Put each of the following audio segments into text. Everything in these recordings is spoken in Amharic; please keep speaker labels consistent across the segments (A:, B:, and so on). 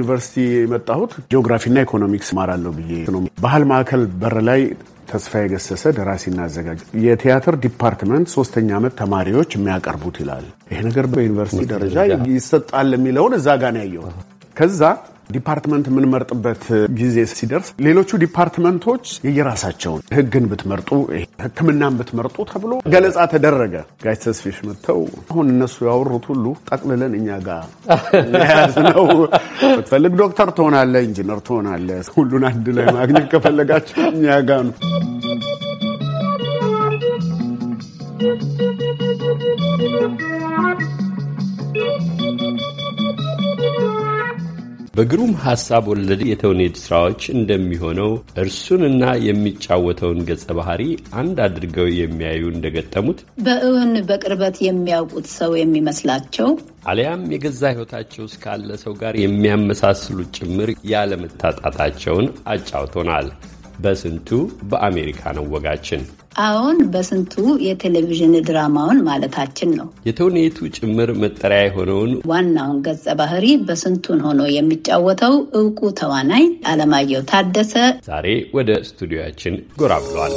A: ዩኒቨርሲቲ የመጣሁት ጂኦግራፊና ኢኮኖሚክስ እማራለሁ ብዬ ነው። ባህል ማዕከል በር ላይ ተስፋ የገሰሰ ደራሲና አዘጋጅ የቲያትር ዲፓርትመንት ሶስተኛ ዓመት ተማሪዎች የሚያቀርቡት ይላል። ይሄ ነገር በዩኒቨርሲቲ ደረጃ ይሰጣል የሚለውን እዛ ጋ ነው ያየሁት። ከዛ ዲፓርትመንት የምንመርጥበት ጊዜ ሲደርስ ሌሎቹ ዲፓርትመንቶች የየራሳቸውን ህግን ብትመርጡ፣ ህክምናን ብትመርጡ ተብሎ ገለጻ ተደረገ። ጋሽ ተስፊሽ መጥተው አሁን እነሱ ያወሩት ሁሉ ጠቅልለን እኛ ጋር ያዝ ነው። ብትፈልግ ዶክተር ትሆናለ ኢንጂነር ትሆናለ ሁሉን አንድ ላይ ማግኘት ከፈለጋቸው እኛ ጋር ነው።
B: በግሩም ሀሳብ ወለድ የተውኔት ስራዎች እንደሚሆነው እርሱንና የሚጫወተውን ገጸ ባህሪ አንድ አድርገው የሚያዩ እንደገጠሙት
C: በእውን በቅርበት የሚያውቁት ሰው የሚመስላቸው
B: አሊያም የገዛ ሕይወታቸው እስካለ ሰው ጋር የሚያመሳስሉት ጭምር ያለመታጣታቸውን አጫውቶናል። በስንቱ በአሜሪካ ነው ወጋችን። አሁን
C: በስንቱ የቴሌቪዥን ድራማውን ማለታችን ነው።
B: የተውኔቱ ጭምር መጠሪያ የሆነውን
C: ዋናውን ገጸ ባህሪ በስንቱን ሆኖ የሚጫወተው እውቁ ተዋናይ አለማየሁ ታደሰ
B: ዛሬ ወደ ስቱዲዮያችን ጎራ ብሏል።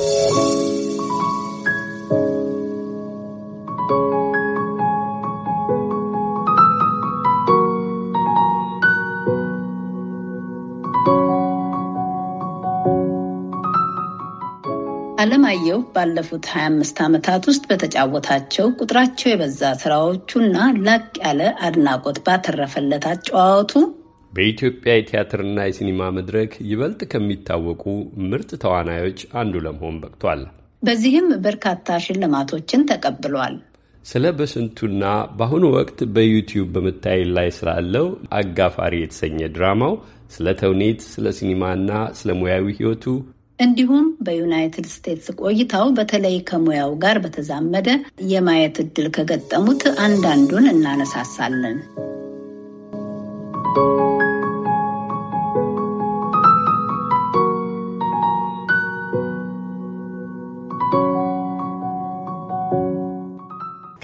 C: አለማየሁ ባለፉት 25 ዓመታት ውስጥ በተጫወታቸው ቁጥራቸው የበዛ ስራዎቹና ላቅ ያለ አድናቆት ባተረፈለት አጨዋወቱ
B: በኢትዮጵያ የቲያትርና የሲኒማ መድረክ ይበልጥ ከሚታወቁ ምርጥ ተዋናዮች አንዱ ለመሆን በቅቷል።
C: በዚህም በርካታ ሽልማቶችን ተቀብሏል።
B: ስለ በስንቱና በአሁኑ ወቅት በዩቲዩብ በመታየት ላይ ስላለው አጋፋሪ የተሰኘ ድራማው፣ ስለ ተውኔት፣ ስለ ሲኒማና ስለ ሙያዊ ሕይወቱ
C: እንዲሁም በዩናይትድ ስቴትስ ቆይታው በተለይ ከሙያው ጋር በተዛመደ የማየት እድል ከገጠሙት አንዳንዱን እናነሳሳለን።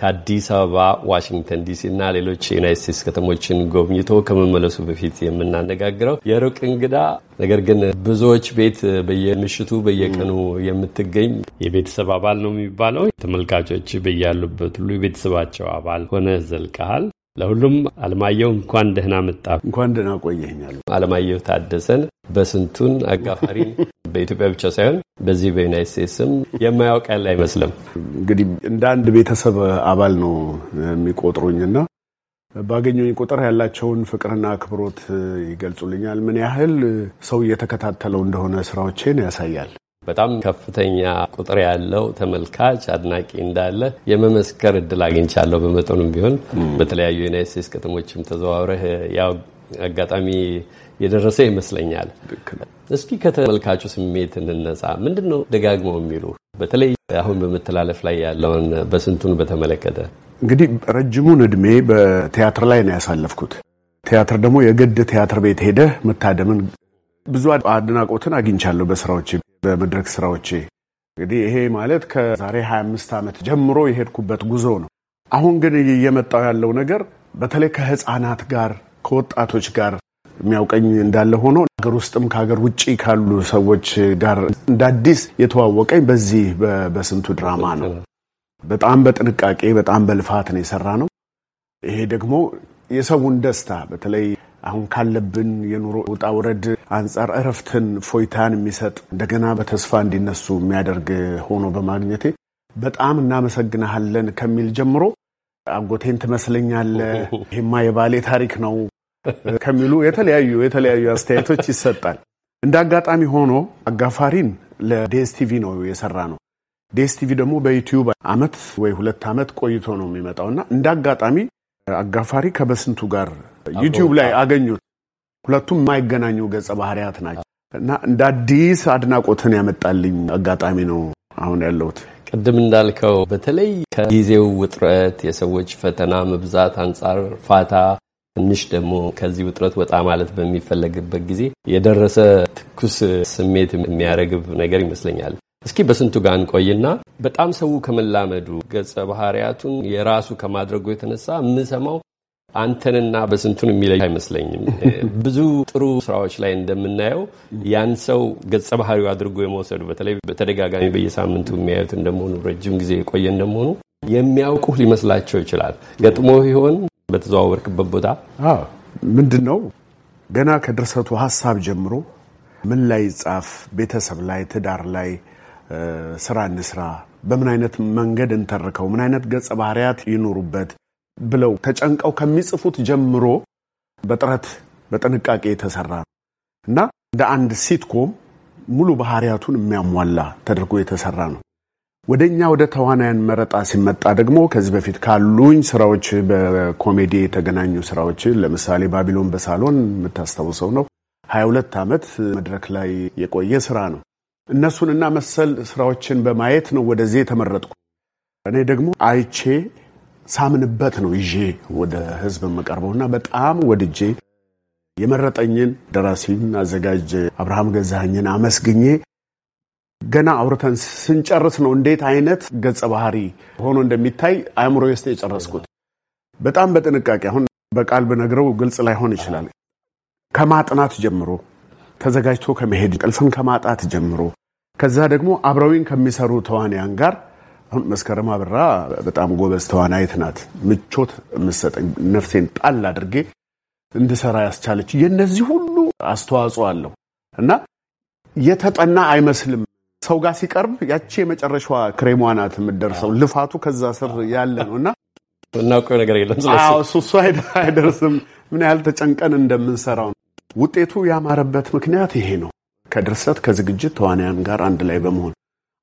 B: ከአዲስ አበባ ዋሽንግተን ዲሲ እና ሌሎች የዩናይት ስቴትስ ከተሞችን ጎብኝቶ ከመመለሱ በፊት የምናነጋግረው የሩቅ እንግዳ ነገር ግን ብዙዎች ቤት በየምሽቱ በየቀኑ የምትገኝ የቤተሰብ አባል ነው የሚባለው። ተመልካቾች በያሉበት ሁሉ የቤተሰባቸው አባል ሆነ ዘልቀሃል። ለሁሉም አለማየሁ እንኳን ደህና መጣ፣ እንኳን ደህና ቆየኛል። አለማየሁ ታደሰን በስንቱን አጋፋሪ በኢትዮጵያ ብቻ ሳይሆን በዚህ በዩናይት ስቴትስም የማያውቅ ያለ አይመስልም። እንግዲህ እንደ አንድ
A: ቤተሰብ አባል ነው የሚቆጥሩኝና ባገኙኝ ቁጥር ያላቸውን ፍቅርና አክብሮት ይገልጹልኛል። ምን ያህል ሰው እየተከታተለው እንደሆነ ስራዎቼን ያሳያል።
B: በጣም ከፍተኛ ቁጥር ያለው ተመልካች አድናቂ እንዳለ የመመስከር እድል አግኝቻለሁ። በመጠኑም ቢሆን በተለያዩ ዩናይት ስቴትስ ከተሞችም ተዘዋውረህ ያው አጋጣሚ የደረሰ ይመስለኛል። እስኪ ከተመልካቹ ስሜት እንነሳ። ምንድን ነው ደጋግመው የሚሉ በተለይ አሁን በመተላለፍ ላይ ያለውን በስንቱን በተመለከተ
A: እንግዲህ ረጅሙን እድሜ በቲያትር ላይ ነው ያሳለፍኩት። ቲያትር ደግሞ የግድ ቲያትር ቤት ሄደህ መታደምን ብዙ አድናቆትን አግኝቻለሁ በስራዎቼ በመድረክ ስራዎቼ። እንግዲህ ይሄ ማለት ከዛሬ 25 ዓመት ጀምሮ የሄድኩበት ጉዞ ነው። አሁን ግን እየመጣው ያለው ነገር በተለይ ከህፃናት ጋር ከወጣቶች ጋር የሚያውቀኝ እንዳለ ሆኖ ሀገር ውስጥም ከሀገር ውጭ ካሉ ሰዎች ጋር እንደ አዲስ የተዋወቀኝ በዚህ በስንቱ ድራማ ነው። በጣም በጥንቃቄ በጣም በልፋት ነው የሰራ ነው። ይሄ ደግሞ የሰውን ደስታ በተለይ አሁን ካለብን የኑሮ ውጣ ውረድ አንጻር እረፍትን፣ ፎይታን የሚሰጥ እንደገና በተስፋ እንዲነሱ የሚያደርግ ሆኖ በማግኘቴ በጣም እናመሰግናሃለን ከሚል ጀምሮ አጎቴን ትመስለኛለህ፣ ይሄማ የባሌ ታሪክ ነው ከሚሉ የተለያዩ የተለያዩ አስተያየቶች ይሰጣል። እንደ አጋጣሚ ሆኖ አጋፋሪን ለዴስቲቪ ነው የሰራ ነው። ዴስቲቪ ደግሞ በዩቲዩብ አመት ወይ ሁለት አመት ቆይቶ ነው የሚመጣው እና እንደ አጋጣሚ አጋፋሪ ከበስንቱ ጋር ዩቲዩብ ላይ አገኙት። ሁለቱም የማይገናኙ ገጸ ባህሪያት ናቸው እና እንደ አዲስ አድናቆትን ያመጣልኝ አጋጣሚ ነው አሁን ያለሁት።
B: ቅድም እንዳልከው በተለይ ከጊዜው ውጥረት፣ የሰዎች ፈተና መብዛት አንጻር ፋታ ትንሽ ደግሞ ከዚህ ውጥረት ወጣ ማለት በሚፈለግበት ጊዜ የደረሰ ትኩስ ስሜት የሚያረግብ ነገር ይመስለኛል። እስኪ በስንቱ ጋር እንቆይና በጣም ሰው ከመላመዱ ገጸ ባህሪያቱን የራሱ ከማድረጉ የተነሳ የምሰማው አንተንና በስንቱን የሚለይ አይመስለኝም። ብዙ ጥሩ ስራዎች ላይ እንደምናየው ያን ሰው ገጸ ባህሪ አድርጎ የመውሰዱ በተለይ በተደጋጋሚ በየሳምንቱ የሚያዩት እንደመሆኑ ረጅም ጊዜ የቆየ እንደመሆኑ የሚያውቁህ ሊመስላቸው ይችላል። ገጥሞ ይሆን በተዘዋወርክበት ቦታ
A: ምንድን ነው ገና ከድርሰቱ ሀሳብ ጀምሮ ምን ላይ ይጻፍ፣ ቤተሰብ ላይ፣ ትዳር ላይ፣ ስራ እንስራ፣ በምን አይነት መንገድ እንተርከው፣ ምን አይነት ገጸ ባህሪያት ይኖሩበት ብለው ተጨንቀው ከሚጽፉት ጀምሮ በጥረት በጥንቃቄ የተሰራ ነው እና እንደ አንድ ሲትኮም ሙሉ ባህሪያቱን የሚያሟላ ተደርጎ የተሰራ ነው። ወደ እኛ ወደ ተዋናያን መረጣ ሲመጣ ደግሞ ከዚህ በፊት ካሉኝ ስራዎች በኮሜዲ የተገናኙ ስራዎች ለምሳሌ ባቢሎን በሳሎን የምታስታውሰው ነው። 22 ዓመት መድረክ ላይ የቆየ ስራ ነው። እነሱን እና መሰል ስራዎችን በማየት ነው ወደዚህ የተመረጥኩ። እኔ ደግሞ አይቼ ሳምንበት ነው ይዤ ወደ ህዝብ እና በጣም ወድጄ የመረጠኝን ደራሲን አዘጋጅ አብርሃም ገዛኸኝን አመስግኜ ገና አውርተን ስንጨርስ ነው እንዴት አይነት ገጸ ባህሪ ሆኖ እንደሚታይ አእምሮ ውስጥ የጨረስኩት። በጣም በጥንቃቄ አሁን በቃል ብነግረው ግልጽ ላይሆን ይችላል። ከማጥናት ጀምሮ ተዘጋጅቶ ከመሄድ ቅልፍን ከማጣት ጀምሮ ከዛ ደግሞ አብረዊን ከሚሰሩ ተዋንያን ጋር አሁን መስከረም አብራ በጣም ጎበዝ ተዋናይት ናት። ምቾት የምሰጠኝ ነፍሴን ጣል አድርጌ እንድሰራ ያስቻለች የነዚህ ሁሉ አስተዋጽኦ አለው እና የተጠና አይመስልም። ሰው ጋር ሲቀርብ ያቺ የመጨረሻዋ ክሬሟ ናት የምትደርሰው። ልፋቱ ከዛ ስር ያለ ነው እና እናውቀው ነገር የለም እሱ አይደርስም። ምን ያህል ተጨንቀን እንደምንሰራው ውጤቱ ያማረበት ምክንያት ይሄ ነው። ከድርሰት ከዝግጅት ተዋንያን ጋር አንድ ላይ በመሆን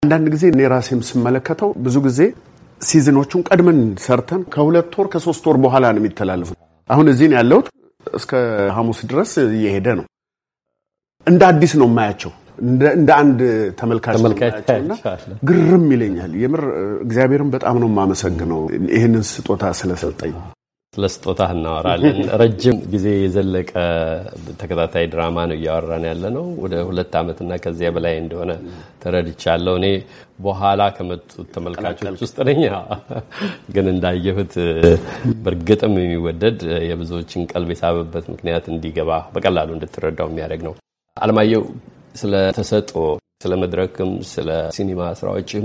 A: አንዳንድ ጊዜ እኔ ራሴም ስመለከተው ብዙ ጊዜ ሲዝኖቹን ቀድመን ሰርተን ከሁለት ወር ከሶስት ወር በኋላ ነው የሚተላለፉት። አሁን እዚህን ያለሁት እስከ ሐሙስ ድረስ እየሄደ ነው። እንደ አዲስ ነው የማያቸው እንደ አንድ ተመልካች ተመልካችና ግርም ይለኛል። የምር እግዚአብሔርን በጣም ነው የማመሰግነው ይህንን ስጦታ ስለሰጠኝ።
B: ስለ ስጦታ እናወራለን። ረጅም ጊዜ የዘለቀ ተከታታይ ድራማ ነው እያወራን ያለ ነው። ወደ ሁለት ዓመትና ከዚያ በላይ እንደሆነ ተረድቻለሁ። እኔ በኋላ ከመጡት ተመልካቾች ውስጥ ነኝ፣ ግን እንዳየሁት በእርግጥም የሚወደድ የብዙዎችን ቀልብ የሳበበት ምክንያት እንዲገባ በቀላሉ እንድትረዳው የሚያደርግ ነው። አለማየሁ ስለ ተሰጥኦ ስለ መድረክም ስለ ሲኒማ ስራዎችም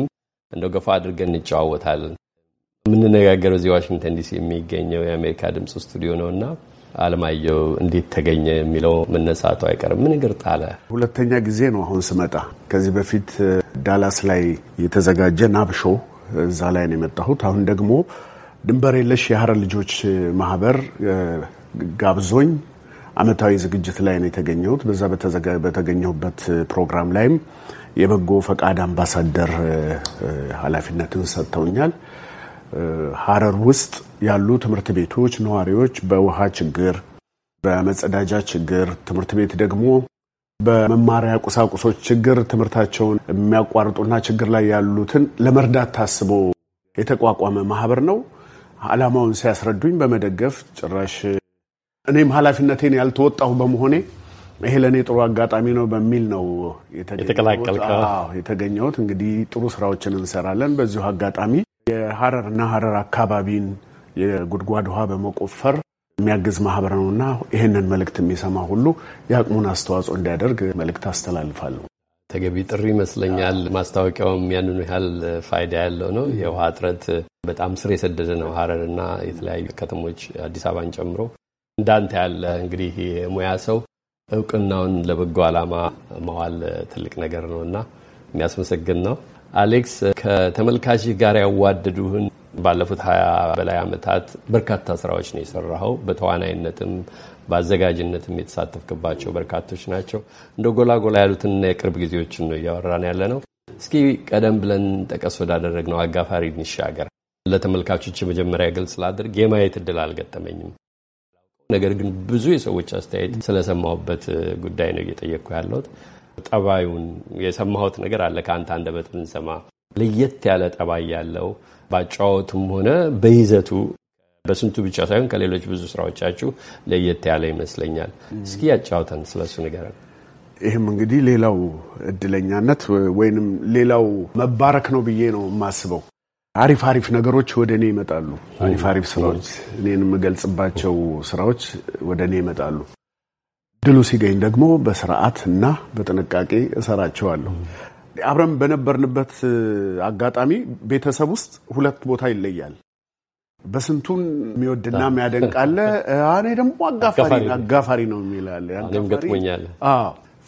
B: እንደው ገፋ አድርገን እንጨዋወታለን። የምንነጋገረው እዚህ ዋሽንግተን ዲሲ የሚገኘው የአሜሪካ ድምፅ ስቱዲዮ ነው እና አለማየሁ እንዴት ተገኘ የሚለው መነሳቱ አይቀርም። ምን እግር ጣለ?
A: ሁለተኛ ጊዜ ነው አሁን ስመጣ። ከዚህ በፊት ዳላስ ላይ የተዘጋጀ ናብሾ እዛ ላይ ነው የመጣሁት። አሁን ደግሞ ድንበር የለሽ የሀረር ልጆች ማህበር ጋብዞኝ አመታዊ ዝግጅት ላይ ነው የተገኘሁት። በዛ በተገኘሁበት ፕሮግራም ላይም የበጎ ፈቃድ አምባሳደር ኃላፊነትን ሰጥተውኛል። ሀረር ውስጥ ያሉ ትምህርት ቤቶች ነዋሪዎች በውሃ ችግር፣ በመጸዳጃ ችግር፣ ትምህርት ቤት ደግሞ በመማሪያ ቁሳቁሶች ችግር ትምህርታቸውን የሚያቋርጡና ችግር ላይ ያሉትን ለመርዳት ታስቦ የተቋቋመ ማህበር ነው። ዓላማውን ሲያስረዱኝ በመደገፍ ጭራሽ እኔም ኃላፊነቴን ያልተወጣሁ በመሆኔ ይሄ ለእኔ ጥሩ አጋጣሚ ነው በሚል ነው የተገኘሁት። እንግዲህ ጥሩ ስራዎችን እንሰራለን። በዚሁ አጋጣሚ የሀረር እና ሀረር አካባቢን የጉድጓድ ውሃ በመቆፈር የሚያግዝ ማህበር ነው እና ይህንን መልእክት የሚሰማ ሁሉ የአቅሙን አስተዋጽኦ እንዲያደርግ
B: መልእክት አስተላልፋለሁ። ተገቢ ጥሪ ይመስለኛል። ማስታወቂያውም ያንኑ ያህል ፋይዳ ያለው ነው። የውሃ እጥረት በጣም ስር የሰደደ ነው። ሀረር እና የተለያዩ ከተሞች አዲስ አበባን ጨምሮ እንዳንተ ያለ እንግዲህ የሙያ ሰው እውቅናውን ለበጎ ዓላማ መዋል ትልቅ ነገር ነው እና የሚያስመሰግን ነው። አሌክስ ከተመልካች ጋር ያዋደዱህን ባለፉት ሀያ በላይ ዓመታት በርካታ ስራዎች ነው የሰራኸው። በተዋናይነትም በአዘጋጅነትም የተሳተፍክባቸው በርካቶች ናቸው። እንደ ጎላ ጎላ ያሉትን የቅርብ ጊዜዎችን ነው እያወራን ያለ ነው። እስኪ ቀደም ብለን ጠቀስ ወዳደረግ ነው አጋፋሪ እንሻገር። ለተመልካቾች የመጀመሪያ ግልጽ ላድርግ፣ የማየት እድል አልገጠመኝም። ነገር ግን ብዙ የሰዎች አስተያየት ስለሰማሁበት ጉዳይ ነው እየጠየቅኩ ያለሁት። ጠባዩን የሰማሁት ነገር አለ ከአንተ አንደበት ብንሰማ ለየት ያለ ጠባይ ያለው ባጫወቱም ሆነ በይዘቱ በስንቱ ብቻ ሳይሆን ከሌሎች ብዙ ስራዎቻችሁ ለየት ያለ ይመስለኛል። እስኪ ያጫወተን ስለሱ ነገር ይህም
A: እንግዲህ ሌላው እድለኛነት ወይንም ሌላው መባረክ ነው ብዬ ነው የማስበው። አሪፍ አሪፍ ነገሮች ወደ እኔ ይመጣሉ። አሪፍ አሪፍ ስራዎች፣ እኔን የምገልጽባቸው ስራዎች ወደ እኔ ይመጣሉ። ድሉ ሲገኝ ደግሞ በስርዓት እና በጥንቃቄ እሰራቸዋለሁ። አብረን በነበርንበት አጋጣሚ ቤተሰብ ውስጥ ሁለት ቦታ ይለያል። በስንቱን የሚወድና የሚያደንቃለ እኔ ደግሞ አጋፋሪ አጋፋሪ ነው የሚላለ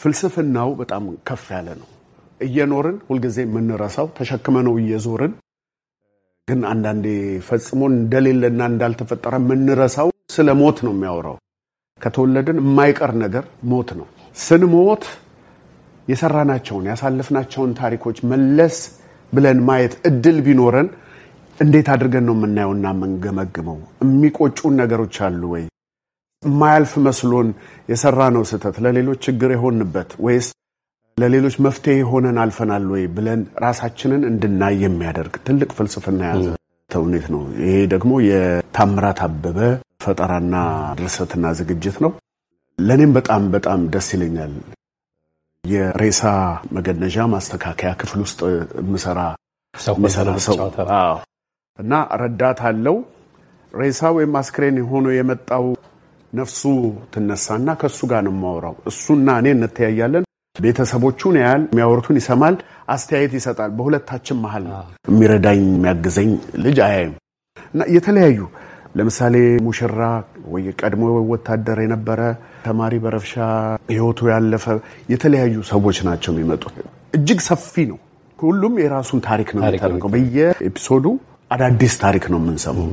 A: ፍልስፍናው በጣም ከፍ ያለ ነው። እየኖርን ሁልጊዜ የምንረሳው ተሸክመ ነው እየዞርን ግን አንዳንዴ ፈጽሞ እንደሌለና እንዳልተፈጠረ የምንረሳው ስለ ሞት ነው የሚያወራው። ከተወለድን የማይቀር ነገር ሞት ነው። ስንሞት የሰራናቸውን ያሳለፍናቸውን ታሪኮች መለስ ብለን ማየት እድል ቢኖረን እንዴት አድርገን ነው የምናየውና የምንገመግመው? የሚቆጩን ነገሮች አሉ ወይ? የማያልፍ መስሎን የሰራነው ስህተት፣ ለሌሎች ችግር የሆንበት ወይስ ለሌሎች መፍትሄ ሆነን አልፈናል ወይ ብለን ራሳችንን እንድናይ የሚያደርግ ትልቅ ፍልስፍና ያዘ ተውኔት ነው። ይሄ ደግሞ የታምራት አበበ ፈጠራና ድርሰትና ዝግጅት ነው። ለእኔም በጣም በጣም ደስ ይለኛል። የሬሳ መገነዣ ማስተካከያ ክፍል ውስጥ የምሰራ ሰው እና ረዳት አለው። ሬሳ ወይም አስክሬን ሆኖ የመጣው ነፍሱ ትነሳና ከእሱ ጋር ነው የማወራው። እሱና እኔ እንተያያለን። ቤተሰቦቹን ያህል የሚያወርቱን ይሰማል፣ አስተያየት ይሰጣል። በሁለታችን መሀል ነው የሚረዳኝ የሚያግዘኝ ልጅ አያይም እና የተለያዩ ለምሳሌ ሙሽራ ወይ ቀድሞ ወታደር የነበረ ተማሪ በረብሻ ህይወቱ ያለፈ የተለያዩ ሰዎች ናቸው የሚመጡት። እጅግ ሰፊ ነው። ሁሉም የራሱን ታሪክ ነው የሚተርከው። በየኤፒሶዱ አዳዲስ ታሪክ ነው የምንሰማው።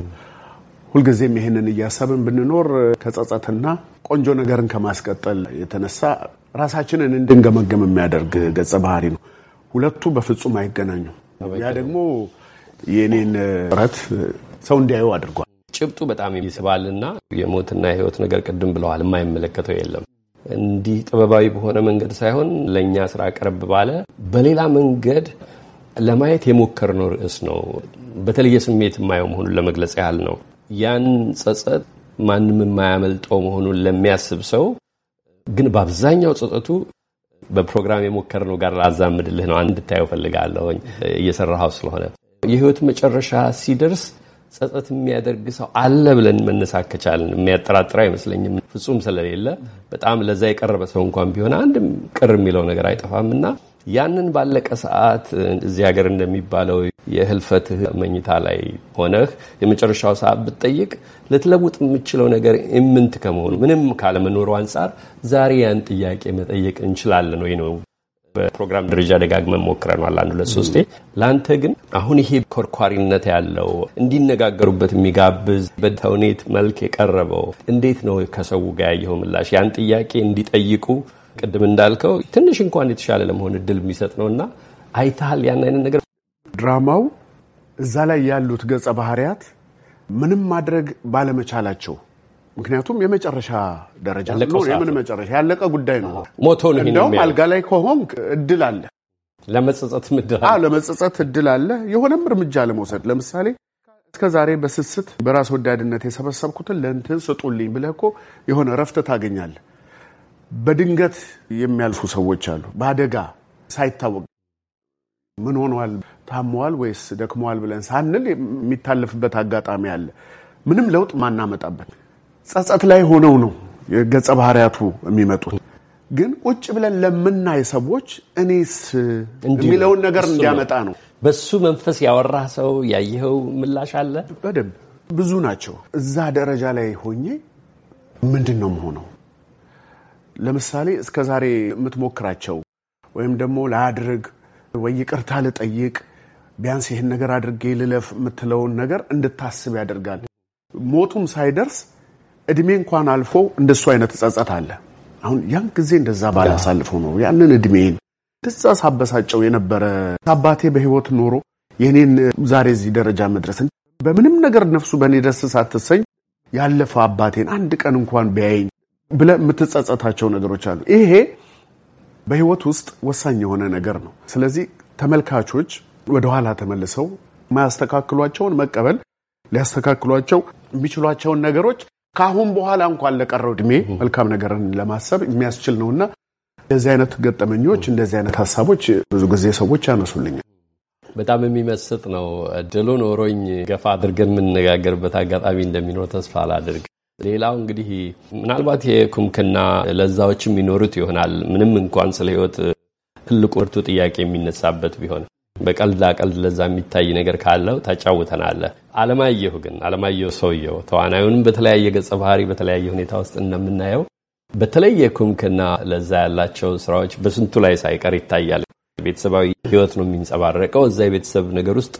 A: ሁልጊዜም ይህንን እያሰብን ብንኖር ከጸጸትና ቆንጆ ነገርን ከማስቀጠል የተነሳ ራሳችንን እንድንገመገም የሚያደርግ ገጸ ባህሪ ነው። ሁለቱ በፍጹም አይገናኙ። ያ ደግሞ
B: የእኔን ጥረት ሰው እንዲያዩ አድርጓል። ጭብጡ በጣም ይስባልና የሞትና የህይወት ነገር ቅድም ብለዋል፣ የማይመለከተው የለም። እንዲህ ጥበባዊ በሆነ መንገድ ሳይሆን ለእኛ ስራ ቀረብ ባለ በሌላ መንገድ ለማየት የሞከርነው ርዕስ ነው። በተለየ ስሜት የማየው መሆኑን ለመግለጽ ያህል ነው። ያን ጸጸት ማንም የማያመልጠው መሆኑን ለሚያስብ ሰው ግን በአብዛኛው ጸጸቱ በፕሮግራም የሞከርነው ጋር ላዛምድልህ ነው እንድታየው ፈልጋለሁኝ እየሰራኸው ስለሆነ የህይወት መጨረሻ ሲደርስ ጸጸት የሚያደርግ ሰው አለ ብለን መነሳት ከቻልን የሚያጠራጥር አይመስለኝም። ፍጹም ስለሌለ በጣም ለዛ የቀረበ ሰው እንኳን ቢሆን አንድም ቅር የሚለው ነገር አይጠፋም እና ያንን ባለቀ ሰዓት እዚህ ሀገር እንደሚባለው የህልፈትህ መኝታ ላይ ሆነህ የመጨረሻው ሰዓት ብትጠይቅ ልትለውጥ የምችለው ነገር ኢምንት ከመሆኑ ምንም ካለመኖሩ አንጻር ዛሬ ያን ጥያቄ መጠየቅ እንችላለን ወይ ነው። በፕሮግራም ደረጃ ደጋግመን ሞክረናል አንድ ሁለት ሶስቴ። ለአንተ ግን አሁን ይሄ ኮርኳሪነት ያለው እንዲነጋገሩበት የሚጋብዝ በተውኔት መልክ የቀረበው እንዴት ነው ከሰው ጋር ያየኸው ምላሽ? ያን ጥያቄ እንዲጠይቁ ቅድም እንዳልከው ትንሽ እንኳን የተሻለ ለመሆን እድል የሚሰጥ ነው እና አይተሃል ያን አይነት ነገር ድራማው
A: እዛ ላይ ያሉት ገጸ ባህሪያት ምንም ማድረግ ባለመቻላቸው ምክንያቱም የመጨረሻ ደረጃ የምን መጨረሻ ያለቀ ጉዳይ ነው። ሞቶ እንደውም አልጋ ላይ ከሆንክ እድል አለ ለመጸጸት እድል አለ፣ የሆነም እርምጃ ለመውሰድ ለምሳሌ እስከዛሬ በስስት በራስ ወዳድነት የሰበሰብኩትን ለእንትን ስጡልኝ ብለህ እኮ የሆነ እረፍት ታገኛለህ። በድንገት የሚያልፉ ሰዎች አሉ። በአደጋ ሳይታወቅ ምን ሆኗል፣ ታመዋል ወይስ ደክመዋል ብለን ሳንል የሚታለፍበት አጋጣሚ አለ። ምንም ለውጥ ማናመጣበት ጸጸት ላይ ሆነው ነው የገጸ ባህሪያቱ የሚመጡት። ግን ቁጭ ብለን ለምናይ ሰዎች እኔስ የሚለውን ነገር እንዲያመጣ
B: ነው። በሱ መንፈስ ያወራ
A: ሰው ያየኸው ምላሽ አለ? በደንብ ብዙ ናቸው። እዛ ደረጃ ላይ ሆኜ ምንድን ነው መሆነው ለምሳሌ እስከ ዛሬ የምትሞክራቸው ወይም ደግሞ ላድርግ ወይ ይቅርታ ልጠይቅ ቢያንስ ይህን ነገር አድርጌ ልለፍ የምትለውን ነገር እንድታስብ ያደርጋል። ሞቱም ሳይደርስ እድሜ እንኳን አልፎ እንደሱ አይነት ጸጸት አለ። አሁን ያን ጊዜ እንደዛ ባላሳልፈው ነው ያንን እድሜን እንደዛ ሳበሳጨው የነበረ አባቴ በህይወት ኖሮ የኔን ዛሬ እዚህ ደረጃ መድረስን በምንም ነገር ነፍሱ በእኔ ደስ ሳትሰኝ ያለፈው አባቴን አንድ ቀን እንኳን ቢያየኝ ብለ የምትጸጸታቸው ነገሮች አሉ። ይሄ በህይወት ውስጥ ወሳኝ የሆነ ነገር ነው። ስለዚህ ተመልካቾች ወደኋላ ተመልሰው ማያስተካክሏቸውን መቀበል፣ ሊያስተካክሏቸው የሚችሏቸውን ነገሮች ከአሁን በኋላ እንኳን ለቀረው እድሜ መልካም ነገርን ለማሰብ የሚያስችል ነውና እንደዚህ አይነት ገጠመኞች፣ እንደዚህ አይነት ሀሳቦች ብዙ ጊዜ ሰዎች ያነሱልኛል።
B: በጣም የሚመስጥ ነው። እድሉ ኖሮኝ ገፋ አድርገን የምንነጋገርበት አጋጣሚ እንደሚኖር ተስፋ አላድርግ። ሌላው እንግዲህ ምናልባት የኩምክና ለዛዎችም የሚኖሩት ይሆናል። ምንም እንኳን ስለ ህይወት ትልቁ ርቱ ጥያቄ የሚነሳበት ቢሆን በቀልድ ቀልድ ለዛ የሚታይ ነገር ካለው ተጫውተናለ። አለማየሁ ግን አለማየሁ ሰውየው ተዋናዩንም በተለያየ ገጸ ባህሪ በተለያየ ሁኔታ ውስጥ እንደምናየው በተለየ ኩምክና ለዛ ያላቸው ስራዎች በስንቱ ላይ ሳይቀር ይታያል። ቤተሰባዊ ህይወት ነው የሚንጸባረቀው። እዛ የቤተሰብ ነገር ውስጥ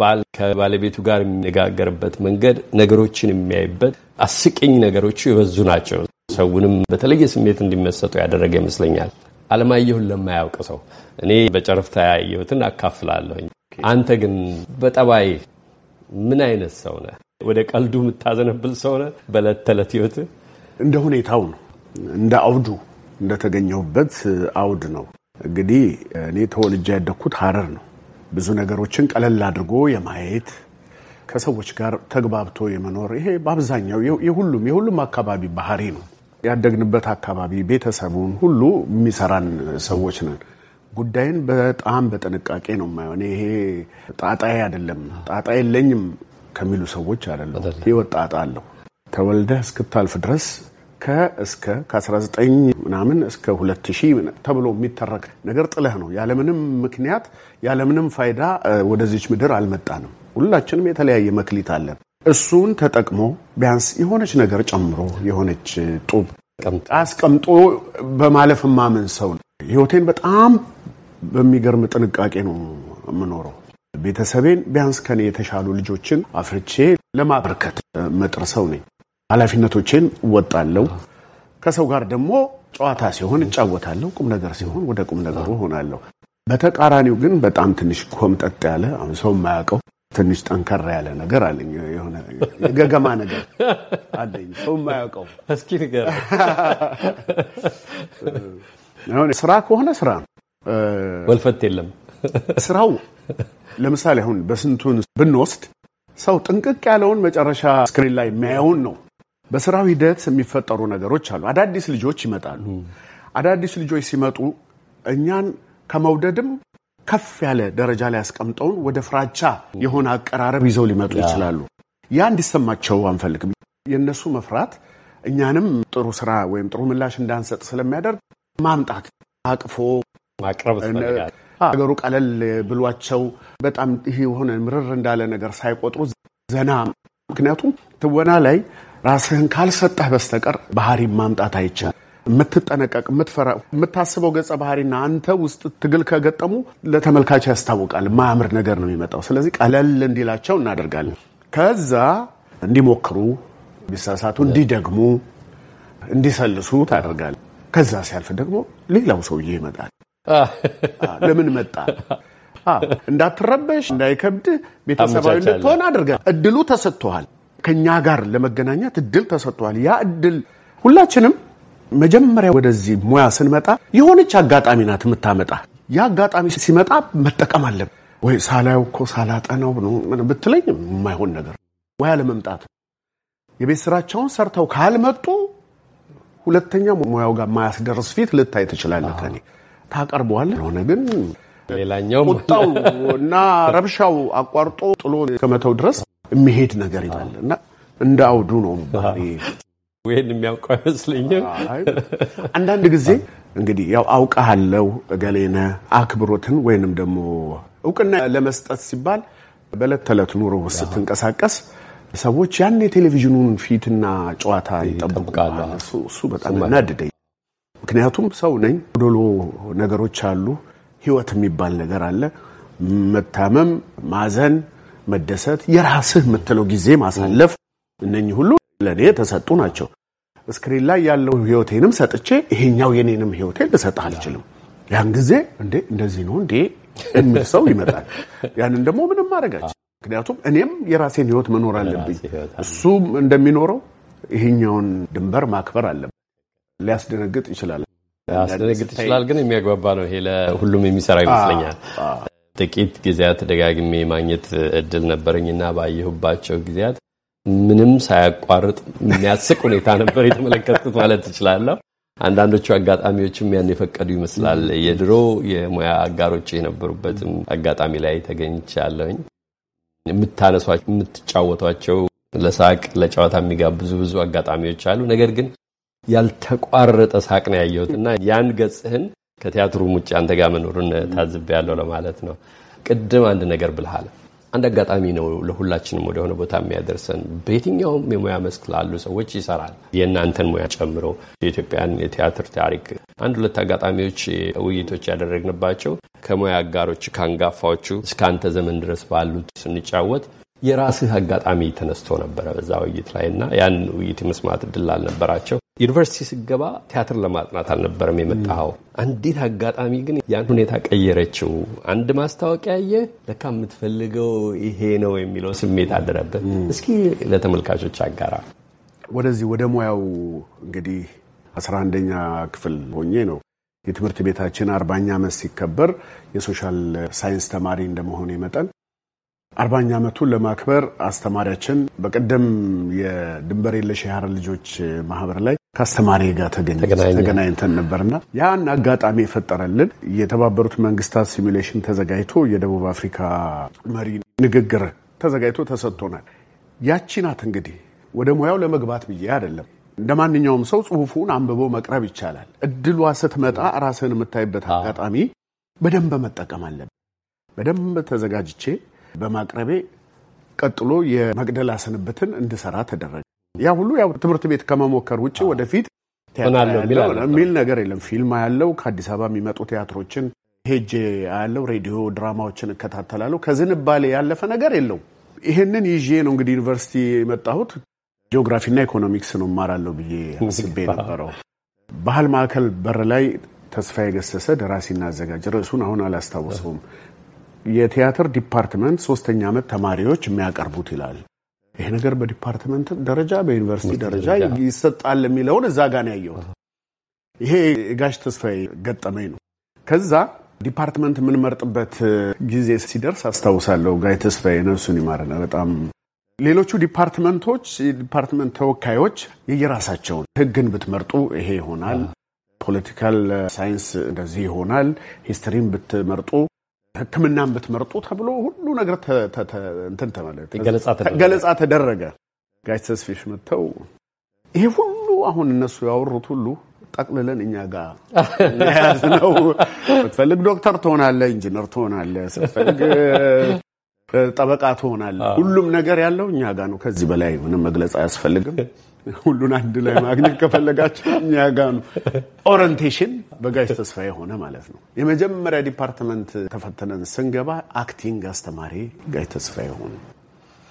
B: ባል ከባለቤቱ ጋር የሚነጋገርበት መንገድ፣ ነገሮችን የሚያይበት አስቂኝ ነገሮቹ የበዙ ናቸው። ሰውንም በተለየ ስሜት እንዲመሰጡ ያደረገ ይመስለኛል። አለማየሁን ለማያውቅ ሰው እኔ በጨረፍታ ያየሁትን አካፍላለሁኝ። አንተ ግን በጠባይ ምን አይነት ሰው ነህ? ወደ ቀልዱ የምታዘነብል ሰው ነህ? በዕለት ተዕለት
A: ህይወት እንደ ሁኔታው ነው፣ እንደ አውዱ እንደተገኘሁበት አውድ ነው። እንግዲህ እኔ ተወልጄ ያደግኩት ሀረር ነው። ብዙ ነገሮችን ቀለል አድርጎ የማየት ከሰዎች ጋር ተግባብቶ የመኖር ይሄ በአብዛኛው የሁሉም የሁሉም አካባቢ ባህሪ ነው። ያደግንበት አካባቢ ቤተሰቡን ሁሉ የሚሰራን ሰዎች ነን። ጉዳይን በጣም በጥንቃቄ ነው የማየው። ይሄ ጣጣዬ አይደለም ጣጣ የለኝም ከሚሉ ሰዎች አይደለም። ህይወት ጣጣ አለው። ተወልደህ እስክታልፍ ድረስ ከእስከ ከ19 ምናምን እስከ 2000 ተብሎ የሚተረክ ነገር ጥለህ ነው። ያለምንም ምክንያት ያለምንም ፋይዳ ወደዚች ምድር አልመጣንም። ሁላችንም የተለያየ መክሊት አለን። እሱን ተጠቅሞ ቢያንስ የሆነች ነገር ጨምሮ የሆነች ጡብ አስቀምጦ በማለፍ ማመን ሰው ነው። ህይወቴን በጣም በሚገርም ጥንቃቄ ነው የምኖረው። ቤተሰቤን ቢያንስ ከኔ የተሻሉ ልጆችን አፍርቼ ለማበርከት መጥር ሰው ነኝ። ኃላፊነቶቼን እወጣለሁ። ከሰው ጋር ደግሞ ጨዋታ ሲሆን እጫወታለሁ፣ ቁም ነገር ሲሆን ወደ ቁም ነገሩ ሆናለሁ። በተቃራኒው ግን በጣም ትንሽ ኮምጠጥ ያለ አሁን ሰው የማያውቀው ትንሽ ጠንከራ ያለ ነገር አለኝ። የሆነ ገገማ ነገር
B: አለኝ ሰው የማያውቀው። እስኪ ንገረኝ።
A: ስራ ከሆነ ስራ ነው፣ ወልፈት የለም ስራው። ለምሳሌ አሁን በስንቱን ብንወስድ ሰው ጥንቅቅ ያለውን መጨረሻ ስክሪን ላይ የሚያየውን ነው በስራው ሂደት የሚፈጠሩ ነገሮች አሉ። አዳዲስ ልጆች ይመጣሉ። አዳዲስ ልጆች ሲመጡ እኛን ከመውደድም ከፍ ያለ ደረጃ ላይ ያስቀምጠውን ወደ ፍራቻ የሆነ አቀራረብ ይዘው ሊመጡ ይችላሉ። ያ እንዲሰማቸው አንፈልግም። የእነሱ መፍራት እኛንም ጥሩ ስራ ወይም ጥሩ ምላሽ እንዳንሰጥ ስለሚያደርግ ማምጣት አቅፎ ማቅረብ ቀለል ብሏቸው በጣም ይህ የሆነ ምርር እንዳለ ነገር ሳይቆጥሩ ዘና ምክንያቱም ትወና ላይ ራስህን ካልሰጠህ በስተቀር ባህሪ ማምጣት አይቻል። የምትጠነቀቅ የምትፈራ የምታስበው ገጸ ባህሪና አንተ ውስጥ ትግል ከገጠሙ ለተመልካች ያስታውቃል። ማያምር ነገር ነው የሚመጣው። ስለዚህ ቀለል እንዲላቸው እናደርጋለን። ከዛ እንዲሞክሩ ቢሳሳቱ እንዲደግሙ እንዲሰልሱ ታደርጋለህ። ከዛ ሲያልፍ ደግሞ ሌላው ሰውዬ ይመጣል። ለምን መጣ? እንዳትረበሽ፣ እንዳይከብድህ፣ ቤተሰባዊ እንድትሆን አድርገህ እድሉ ተሰጥቶሃል። ከኛ ጋር ለመገናኘት እድል ተሰጥቷል። ያ እድል ሁላችንም መጀመሪያ ወደዚህ ሙያ ስንመጣ የሆነች አጋጣሚ ናት የምታመጣ። ያ አጋጣሚ ሲመጣ መጠቀም አለብ ወይ? ሳላየው እኮ ሳላጠናው ብትለኝ የማይሆን ነገር ሙያ ለመምጣት የቤት ስራቸውን ሰርተው ካልመጡ ሁለተኛ ሙያው ጋር ማያስደርስ ፊት ልታይ ትችላለህ። ከኔ ታቀርበዋለህ ሆነ ግን ሌላኛው ቁጣው እና ረብሻው አቋርጦ ጥሎ ከመተው ድረስ የሚሄድ ነገር ይላል እና እንደ አውዱ ነው
B: ይሄን የሚያውቀው አይመስለኝም።
A: አንዳንድ ጊዜ እንግዲህ ያው አውቀሃለው ገሌነ አክብሮትን ወይንም ደግሞ እውቅና ለመስጠት ሲባል በዕለት ተዕለት ኑሮ ስትንቀሳቀስ ሰዎች ያን የቴሌቪዥኑን ፊትና ጨዋታ ይጠብቃሉ። እሱ በጣም እናድደኝ። ምክንያቱም ሰው ነኝ፣ ጎዶሎ ነገሮች አሉ። ህይወት የሚባል ነገር አለ። መታመም፣ ማዘን መደሰት፣ የራስህ የምትለው ጊዜ ማሳለፍ፣ እነኚህ ሁሉ ለእኔ የተሰጡ ናቸው። እስክሪን ላይ ያለው ህይወቴንም ሰጥቼ ይሄኛው የኔንም ህይወቴን ልሰጥ አልችልም። ያን ጊዜ እንዴ እንደዚህ ነው እንዴ የሚል ሰው ይመጣል። ያንን ደግሞ ምንም ማድረጋች፣ ምክንያቱም እኔም የራሴን ህይወት መኖር አለብኝ። እሱም እንደሚኖረው ይሄኛውን ድንበር ማክበር አለብን። ሊያስደነግጥ ይችላል፣ ሊያስደነግጥ ይችላል፣ ግን
B: የሚያግባባ ነው። ይሄ ለሁሉም የሚሰራ ይመስለኛል። ጥቂት ጊዜያት ደጋግሜ ማግኘት እድል ነበረኝና ባየሁባቸው ጊዜያት ምንም ሳያቋርጥ የሚያስቅ ሁኔታ ነበር የተመለከትኩት ማለት ትችላለሁ። አንዳንዶቹ አጋጣሚዎችም ያን የፈቀዱ ይመስላል። የድሮ የሙያ አጋሮች የነበሩበትም አጋጣሚ ላይ ተገኝቻለሁኝ። የምታነሷቸው የምትጫወቷቸው ለሳቅ ለጨዋታ የሚጋብዙ ብዙ አጋጣሚዎች አሉ። ነገር ግን ያልተቋረጠ ሳቅ ነው ያየሁት እና ያን ገጽህን ከቲያትሩ ውጭ አንተ ጋር መኖሩን ታዝብ ያለው ለማለት ነው። ቅድም አንድ ነገር ብልሃል። አንድ አጋጣሚ ነው ለሁላችንም ወደሆነ ቦታ የሚያደርሰን። በየትኛውም የሙያ መስክ ላሉ ሰዎች ይሰራል፣ የእናንተን ሙያ ጨምሮ የኢትዮጵያን የቲያትር ታሪክ አንድ ሁለት አጋጣሚዎች ውይይቶች ያደረግንባቸው ከሙያ አጋሮች ከአንጋፋዎቹ እስከ አንተ ዘመን ድረስ ባሉት ስንጫወት የራስህ አጋጣሚ ተነስቶ ነበረ በዛ ውይይት ላይ እና ያን ውይይት የመስማት እድል አልነበራቸው ዩኒቨርሲቲ ስገባ ቲያትር ለማጥናት አልነበረም የመጣኸው። አንዲት አጋጣሚ ግን ያን ሁኔታ ቀየረችው። አንድ ማስታወቂያ የ ለካ የምትፈልገው ይሄ ነው የሚለው ስሜት አደረበት እስኪ ለተመልካቾች አጋራ።
A: ወደዚህ ወደ ሙያው እንግዲህ አስራ አንደኛ ክፍል ሆኜ ነው የትምህርት ቤታችን አርባኛ ዓመት ሲከበር የሶሻል ሳይንስ ተማሪ እንደመሆኔ መጠን አርባኛ ዓመቱን ለማክበር አስተማሪያችን በቀደም የድንበር የለሽ የሀረር ልጆች ማህበር ላይ ከአስተማሪ ጋር ተገናኝተን ነበርና ያን አጋጣሚ የፈጠረልን የተባበሩት መንግስታት ሲሚሌሽን ተዘጋጅቶ የደቡብ አፍሪካ መሪ ንግግር ተዘጋጅቶ ተሰጥቶናል። ያቺ ናት እንግዲህ ወደ ሙያው ለመግባት ብዬ አይደለም። እንደ ማንኛውም ሰው ጽሁፉን አንብቦ መቅረብ ይቻላል። እድሏ ስትመጣ ራስህን የምታይበት አጋጣሚ በደንብ መጠቀም አለብን። በደንብ ተዘጋጅቼ በማቅረቤ ቀጥሎ የመቅደላ ስንብትን እንድሰራ ተደረገ። ያ ሁሉ ያው ትምህርት ቤት ከመሞከር ውጭ ወደፊት የሚል ነገር የለም። ፊልም ያለው ከአዲስ አበባ የሚመጡ ቲያትሮችን ሄጄ ያለው ሬዲዮ ድራማዎችን እከታተላለሁ። ከዝንባሌ ያለፈ ነገር የለው ይህንን ይዤ ነው እንግዲህ ዩኒቨርሲቲ የመጣሁት። ጂኦግራፊና ኢኮኖሚክስ ነው እማራለሁ ብዬ አስቤ ነበረው። ባህል ማዕከል በር ላይ ተስፋዬ ገሰሰ ደራሲና አዘጋጅ፣ ርዕሱን አሁን አላስታውሰውም የቲያትር ዲፓርትመንት ሶስተኛ ዓመት ተማሪዎች የሚያቀርቡት ይላል። ይሄ ነገር በዲፓርትመንት ደረጃ በዩኒቨርሲቲ ደረጃ ይሰጣል የሚለውን እዛ ጋር ነው ያየሁት። ይሄ ጋሽ ተስፋዬ ገጠመኝ ነው። ከዛ ዲፓርትመንት የምንመርጥበት ጊዜ ሲደርስ አስታውሳለሁ ጋይ ተስፋዬ ነፍሱን ይማረና በጣም ሌሎቹ ዲፓርትመንቶች ዲፓርትመንት ተወካዮች የየራሳቸውን ህግን ብትመርጡ ይሄ ይሆናል፣ ፖለቲካል ሳይንስ እንደዚህ ይሆናል፣ ሂስትሪን ብትመርጡ ሕክምናን ብትመርጡ ተብሎ ሁሉ ነገር ገለጻ ተደረገ። ጋሽ ተስፊሽ መጥተው ይሄ ሁሉ አሁን እነሱ ያወሩት ሁሉ ጠቅልለን እኛ ጋር ያዝ ነው። ስትፈልግ ዶክተር ትሆናለ ኢንጂነር ትሆናለ ስትፈልግ ጠበቃ ትሆናለ ሁሉም ነገር ያለው እኛ ጋር ነው። ከዚህ በላይ ምንም መግለጽ አያስፈልግም። ሁሉን አንድ ላይ ማግኘት ከፈለጋችሁ እኛ ጋ ነው። ኦሪንቴሽን በጋሽ ተስፋ የሆነ ማለት ነው። የመጀመሪያ ዲፓርትመንት ተፈተነን ስንገባ አክቲንግ አስተማሪ ጋሽ ተስፋ የሆኑ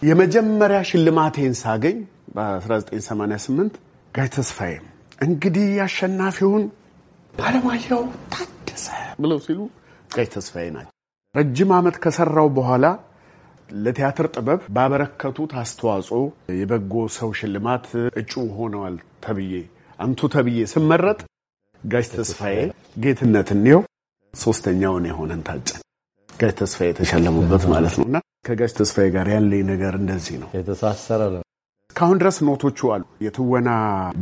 A: የመጀመሪያ ሽልማቴን ሳገኝ በ1988 ጋሽ ተስፋዬ እንግዲህ አሸናፊውን ባለማየሁ ታደሰ ብለው ሲሉ ጋሽ ተስፋዬ ናቸው። ረጅም ዓመት ከሰራው በኋላ ለቲያትር ጥበብ ባበረከቱት አስተዋጽኦ የበጎ ሰው ሽልማት እጩ ሆነዋል ተብዬ አንቱ ተብዬ ስመረጥ ጋሽ ተስፋዬ ጌትነት እንየው ሶስተኛውን የሆነን ታጭ ጋሽ ተስፋዬ የተሸለሙበት ማለት ነው። እና ከጋሽ ተስፋዬ ጋር ያለኝ ነገር እንደዚህ ነው የተሳሰረ ነው። እስካሁን ድረስ ኖቶቹ አሉ። የትወና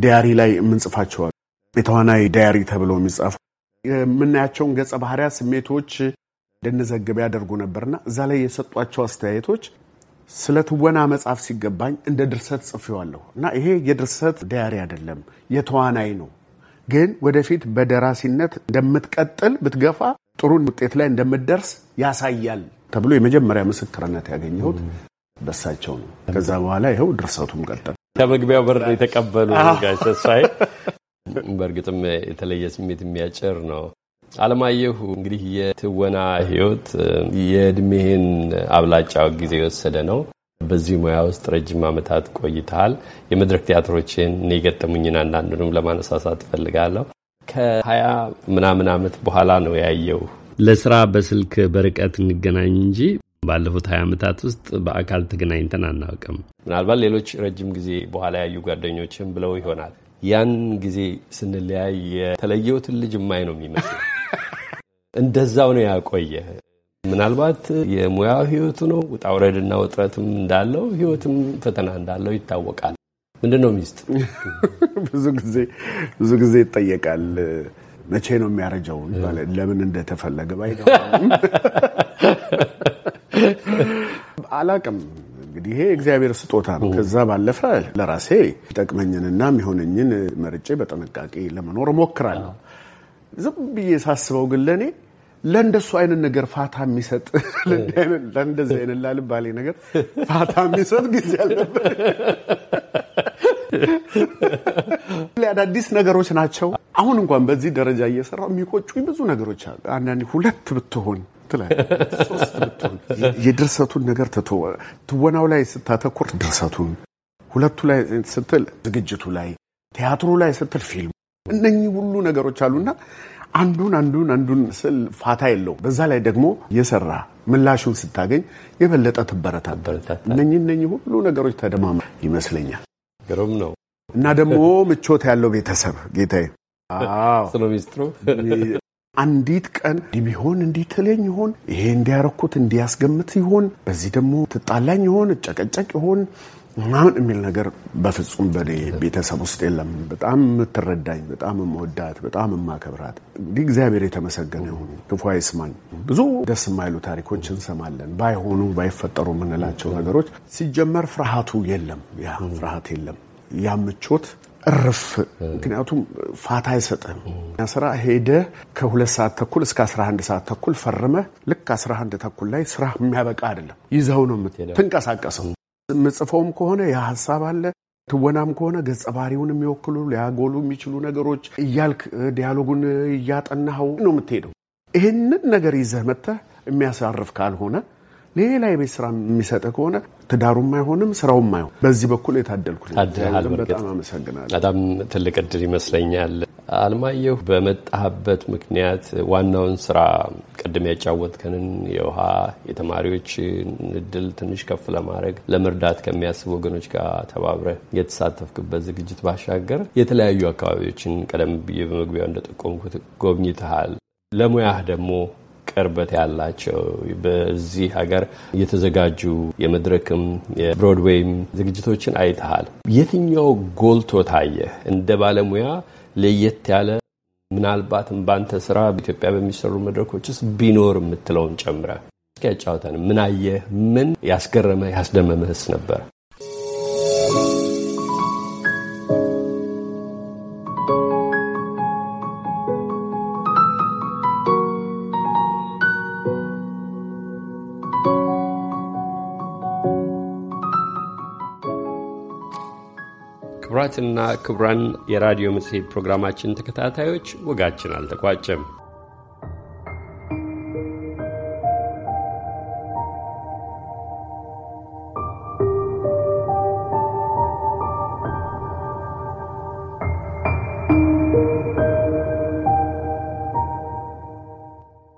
A: ዲያሪ ላይ የምንጽፋቸዋል የተዋናይ ዲያሪ ተብሎ የሚጻፉ የምናያቸውን ገጸ ባህሪያ ስሜቶች እንድንዘግብ ያደርጉ ነበርና እዛ ላይ የሰጧቸው አስተያየቶች ስለ ትወና መጽሐፍ ሲገባኝ እንደ ድርሰት ጽፌዋለሁ እና ይሄ የድርሰት ዳያሪ አይደለም፣ የተዋናይ ነው። ግን ወደፊት በደራሲነት እንደምትቀጥል ብትገፋ ጥሩን ውጤት ላይ እንደምትደርስ ያሳያል ተብሎ የመጀመሪያ ምስክርነት ያገኘሁት በሳቸው ነው። ከዛ በኋላ ይኸው ድርሰቱም ቀጠል
B: ከመግቢያው በር የተቀበሉ ጋሽ ተስፋዬ በእርግጥም የተለየ ስሜት የሚያጭር ነው። አለማየሁ እንግዲህ የትወና ህይወት የእድሜህን አብላጫው ጊዜ የወሰደ ነው። በዚህ ሙያ ውስጥ ረጅም ዓመታት ቆይተሃል። የመድረክ ቲያትሮችን እኔ የገጠሙኝን አንዳንዱንም ለማነሳሳት እፈልጋለሁ። ከሀያ ምናምን ዓመት በኋላ ነው ያየው። ለስራ በስልክ በርቀት እንገናኝ እንጂ ባለፉት ሀያ ዓመታት ውስጥ በአካል ተገናኝተን አናውቅም። ምናልባት ሌሎች ረጅም ጊዜ በኋላ ያዩ ጓደኞችም ብለው ይሆናል። ያን ጊዜ ስንለያይ የተለየሁትን ልጅ ማይ ነው የሚመስለው እንደዛው ነው ያቆየ። ምናልባት የሙያው ህይወቱ ነው ውጣውረድና ውጥረትም እንዳለው ህይወትም ፈተና እንዳለው ይታወቃል። ምንድን ነው
A: ብዙ ጊዜ ብዙ ጊዜ ይጠየቃል። መቼ ነው የሚያረጀው ይባላል። ለምን እንደተፈለገ ባይ አላቅም። እንግዲህ ይሄ እግዚአብሔር ስጦታ ነው። ከዛ ባለፈ ለራሴ ይጠቅመኝንና የሚሆነኝን መርጬ በጥንቃቄ ለመኖር እሞክራለሁ። ዝም ብዬ ሳስበው ግን ለእኔ ለእንደሱ አይነት ነገር ፋታ የሚሰጥ ለእንደዚህ አይነት ላልባሌ ነገር ፋታ የሚሰጥ ጊዜ አለበት። አዳዲስ ነገሮች ናቸው። አሁን እንኳን በዚህ ደረጃ እየሰራ የሚቆጩ ብዙ ነገሮች አሉ። አንዳንዴ ሁለት ብትሆን ብትሆን የድርሰቱን ነገር ትቶ ትወናው ላይ ስታተኩር ድርሰቱን፣ ሁለቱ ላይ ስትል ዝግጅቱ ላይ፣ ቲያትሩ ላይ ስትል ፊልሙ እነኚህ ሁሉ ነገሮች አሉና አንዱን አንዱን አንዱን ስል ፋታ የለው በዛ ላይ ደግሞ የሰራ ምላሹን ስታገኝ የበለጠ ትበረታታ። እነኚህ እነኚህ ሁሉ ነገሮች ተደማመ ይመስለኛል። ግሩም ነው እና ደግሞ ምቾት ያለው ቤተሰብ ጌታዬ አንዲት ቀን ቢሆን እንዲህ ትለኝ ይሆን ይሄ እንዲያረኩት እንዲያስገምት ይሆን በዚህ ደግሞ ትጣላኝ ይሆን እጨቀጨቅ ይሆን ምናምን የሚል ነገር በፍጹም በኔ ቤተሰብ ውስጥ የለም። በጣም የምትረዳኝ፣ በጣም የምወዳት፣ በጣም የማከብራት እንግዲህ እግዚአብሔር የተመሰገነ ይሁን። ክፉ አይስማን። ብዙ ደስ የማይሉ ታሪኮች እንሰማለን። ባይሆኑ ባይፈጠሩ የምንላቸው ነገሮች ሲጀመር ፍርሃቱ የለም። ያ ፍርሃት የለም። ያ ምቾት እርፍ። ምክንያቱም ፋታ አይሰጥም ስራ ሄደ ከሁለት ሰዓት ተኩል እስከ 11 ሰዓት ተኩል ፈርመ ልክ 11 ተኩል ላይ ስራ የሚያበቃ አይደለም። ይዘው ነው የምትንቀሳቀሰው። ምጽፈውም ከሆነ የሀሳብ አለ ትወናም ከሆነ ገጸ ባህሪውን የሚወክሉ ሊያጎሉ የሚችሉ ነገሮች እያልክ ዲያሎጉን እያጠናኸው ነው የምትሄደው። ይህንን ነገር ይዘህ መጥተህ የሚያሳርፍ ካልሆነ ሌላ የቤት ስራ የሚሰጥ ከሆነ ትዳሩም አይሆንም፣ ስራውም አይሆን። በዚህ በኩል የታደልኩ በጣም
B: አመሰግናለሁ። በጣም ትልቅ እድል ይመስለኛል። አልማየሁ በመጣህበት ምክንያት ዋናውን ስራ ቅድም ያጫወትከንን የውሃ የተማሪዎች እድል ትንሽ ከፍ ለማድረግ ለመርዳት ከሚያስቡ ወገኖች ጋር ተባብረ የተሳተፍክበት ዝግጅት ባሻገር የተለያዩ አካባቢዎችን ቀደም ብዬ በመግቢያው እንደጠቆምኩት ጎብኝተሃል። ለሙያህ ደግሞ ቅርበት ያላቸው በዚህ ሀገር የተዘጋጁ የመድረክም የብሮድዌይም ዝግጅቶችን አይተሃል። የትኛው ጎልቶ ታየህ? እንደ ባለሙያ ለየት ያለ ምናልባትም በአንተ ስራ በኢትዮጵያ በሚሰሩ መድረኮች ውስጥ ቢኖር የምትለውን ጨምረ እስኪ ያጫውተን። ምን አየህ? ምን ያስገረመ ያስደመመህስ ነበር? ክቡራትና ክቡራን የራዲዮ መጽሔት ፕሮግራማችን ተከታታዮች ወጋችን አልተቋጨም።